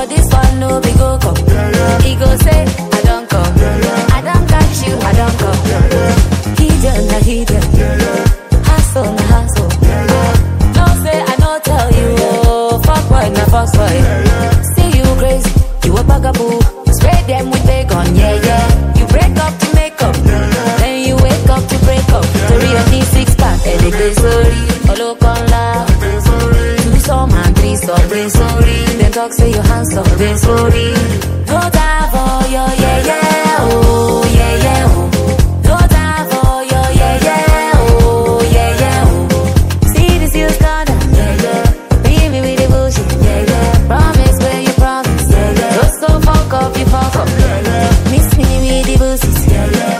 for this one, no be go come. Yeah, yeah. He go say, I don't come. Yeah, yeah. I don't catch you, I don't come. Yeah, yeah. He done, I he done. Yeah, yeah. Hustle, na hustle. Yeah, yeah. No say, I no tell you. Oh, fuck boy, na fuck boy. Yeah, yeah. See you crazy, you a bugaboo. Spray them with bacon, yeah, yeah. You break up to make up. Yeah, yeah. Then you wake up to break up. Yeah, Story yeah. of me six pack, and they sorry. Olo con la. Two some and three some, sorry and talk to your hands up Then slowly No dive for your yeah yeah oh yeah yeah oh No dive for your yeah yeah oh yeah yeah oh See this you gonna yeah yeah Beat me with the bullshit yeah yeah Promise where you promise yeah yeah Just so fuck up you fuck up yeah yeah Miss me with the bullshit yeah yeah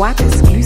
Guates